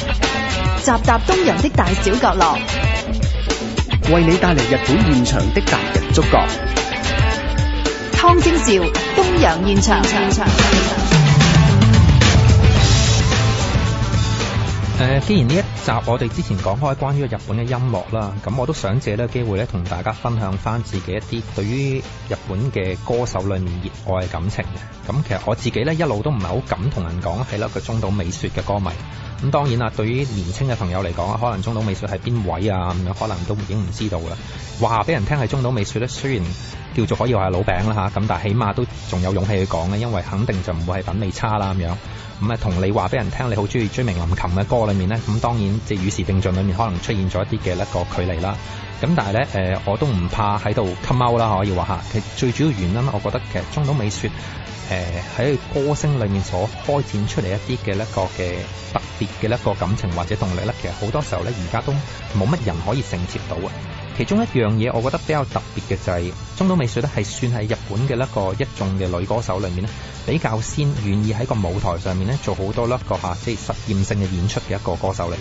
集集東洋的大小角落，為你帶嚟日本現場的達人觸覺。湯禎兆東洋現場。場場場場誒，既然呢一集我哋之前講開關於日本嘅音樂啦，咁我都想借呢個機會咧，同大家分享翻自己一啲對於日本嘅歌手裏面熱愛嘅感情嘅。咁其實我自己咧一路都唔係好敢同人講，係一個中島美雪嘅歌迷。咁當然啦，對於年輕嘅朋友嚟講，可能中島美雪係邊位啊咁樣，可能都已經唔知道啦。話俾人聽係中島美雪咧，雖然。叫做可以話係老餅啦吓，咁但係起碼都仲有勇氣去講啦，因為肯定就唔會係品味差啦咁樣咁啊，同你話俾人聽，你好中意追名林琴嘅歌裏面咧，咁當然即係與時並進裏面可能出現咗一啲嘅一個距離啦。咁但係咧，誒我都唔怕喺度吸貓啦，可以話下，其實最主要原因呢，我覺得其實中島美雪誒喺歌聲裏面所開展出嚟一啲嘅一個嘅特別嘅一個感情或者動力咧，其實好多時候咧而家都冇乜人可以承接到啊。其中一樣嘢，我覺得比較特別嘅就係，中島美雪咧，係算係日本嘅一個一眾嘅女歌手裏面咧，比較先願意喺個舞台上面咧做好多一個嚇、啊、即係實驗性嘅演出嘅一個歌手嚟。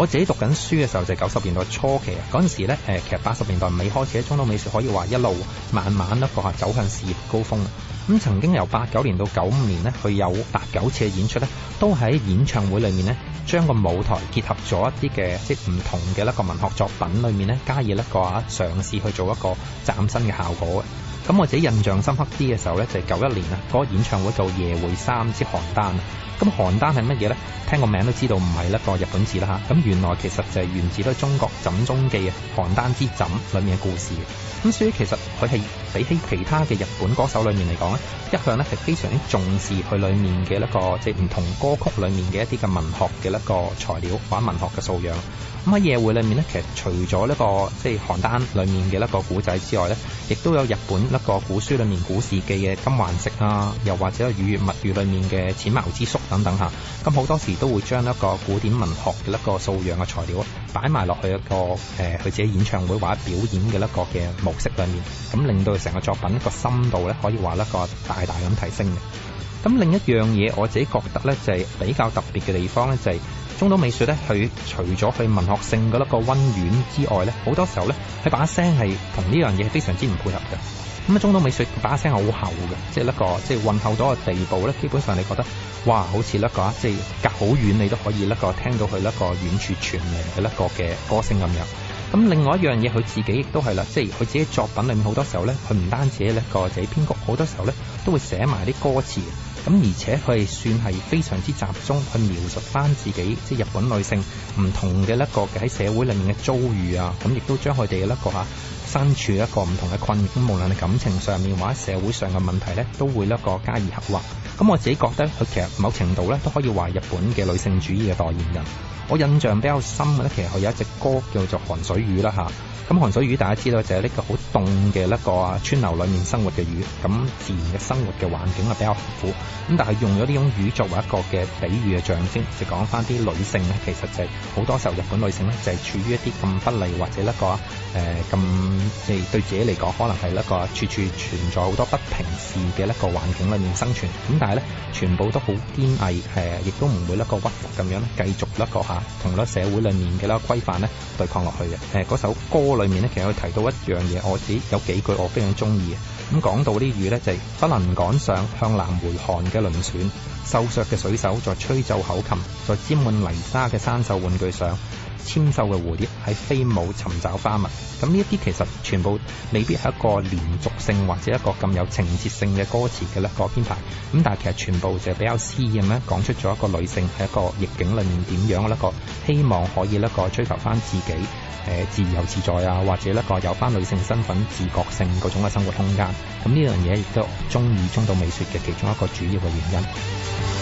我自己讀緊書嘅時候就係九十年代初期啊，嗰陣時咧誒，其實八十年代尾開始喺中島美雪可以話一路慢慢咧，確係走向事業高峰。咁曾經由八九年到九五年咧，佢有八九次嘅演出咧，都喺演唱會裏面咧，將個舞台結合咗一啲嘅即係唔同嘅一個文學作品裏面咧，加以一個啊嘗試去做一個嶄新嘅效果。咁我自己印象深刻啲嘅時候咧，就係九一年啊個個演唱會叫《夜會三支邯鄲》啊。咁邯鄲係乜嘢咧？聽個名都知道唔係一個日本字啦吓，咁原來其實就係源自於中國《枕中記啊邯鄲之枕》裏面嘅故事。咁所以其實佢係比起其他嘅日本歌手裏面嚟講咧，一向咧係非常之重視佢裏面嘅一個即係唔同歌曲裏面嘅一啲嘅文學嘅一個材料，玩文學嘅素養，咁喺夜會裏面咧，其實除咗呢個即係邯鄲裏面嘅一個古仔之外咧，亦都有日本。個古書裏面古事記嘅《金環石》啊，又或者係《雨月物語》裏面嘅《淺茅之宿》等等嚇。咁好多時候都會將一個古典文學嘅一個素養嘅材料擺埋落去一個誒佢、呃、自己演唱會或者表演嘅一個嘅模式裏面，咁令到成個作品的個深度咧可以話得個大大咁提升嘅。咁另一樣嘢我自己覺得咧，就係比較特別嘅地方咧，就係中島美雪咧佢除咗佢文學性嘅一個温暖之外咧，好多時候咧佢把聲係同呢樣嘢係非常之唔配合嘅。咁啊，那中島美雪把聲好厚嘅，即係一個即係、就是、混厚到一個地步咧。基本上你覺得，哇，好似一、那個即係、就是、隔好遠，你都可以一個聽到佢一個遠處傳嚟嘅一個嘅歌聲咁樣。咁另外一樣嘢，佢自己亦都係啦，即係佢自己作品裏面好多時候咧，佢唔單止一個寫編曲，好多時候咧都會寫埋啲歌詞。咁而且佢係算係非常之集中去描述返自己即係、就是、日本女性唔同嘅一個喺社會裏面嘅遭遇啊。咁亦都將佢哋嘅一個嚇。身處一個唔同嘅困境，無論係感情上面或者社會上嘅問題咧，都會一個加以刻畫。咁我自己覺得，佢其實某程度咧都可以話日本嘅女性主義嘅代言人。我印象比較深嘅咧，其實佢有一隻歌叫做《寒水魚》啦吓，咁《寒水魚》大家知道就係呢個好。凍嘅一個川流裏面生活嘅魚，咁自然嘅生活嘅環境啊比較苦，咁但係用咗呢種魚作為一個嘅比喻嘅象徵，就講翻啲女性咧，其實就係好多時候日本女性咧就係處於一啲咁不利或者一個誒咁即係對自己嚟講可能係一個處處存在好多不平事嘅一個環境裏面生存，咁但係咧全部都好堅毅，誒亦都唔會一個屈服咁樣咧，繼續一個吓同個社會裏面嘅啦規範咧對抗落去嘅，誒嗰首歌裏面咧其實佢提到一樣嘢我。有幾句我非常中意，咁講到啲魚咧，就係不能趕上向南回航嘅輪船，瘦削嘅水手在吹奏口琴，在沾滿泥沙嘅山獸玩具上。纖瘦嘅蝴蝶喺飛舞尋找花蜜，咁呢一啲其實全部未必係一個連續性或者一個咁有情節性嘅歌詞嘅一個編排，咁但係其實全部就比較詩意咁樣講出咗一個女性係一個逆境裏面點樣嘅一個希望，可以一個追求翻自己誒、呃、自由自在啊，或者一個有翻女性身份自覺性嗰種嘅生活空間，咁呢樣嘢亦都中意中島美雪嘅其中一個主要嘅原因。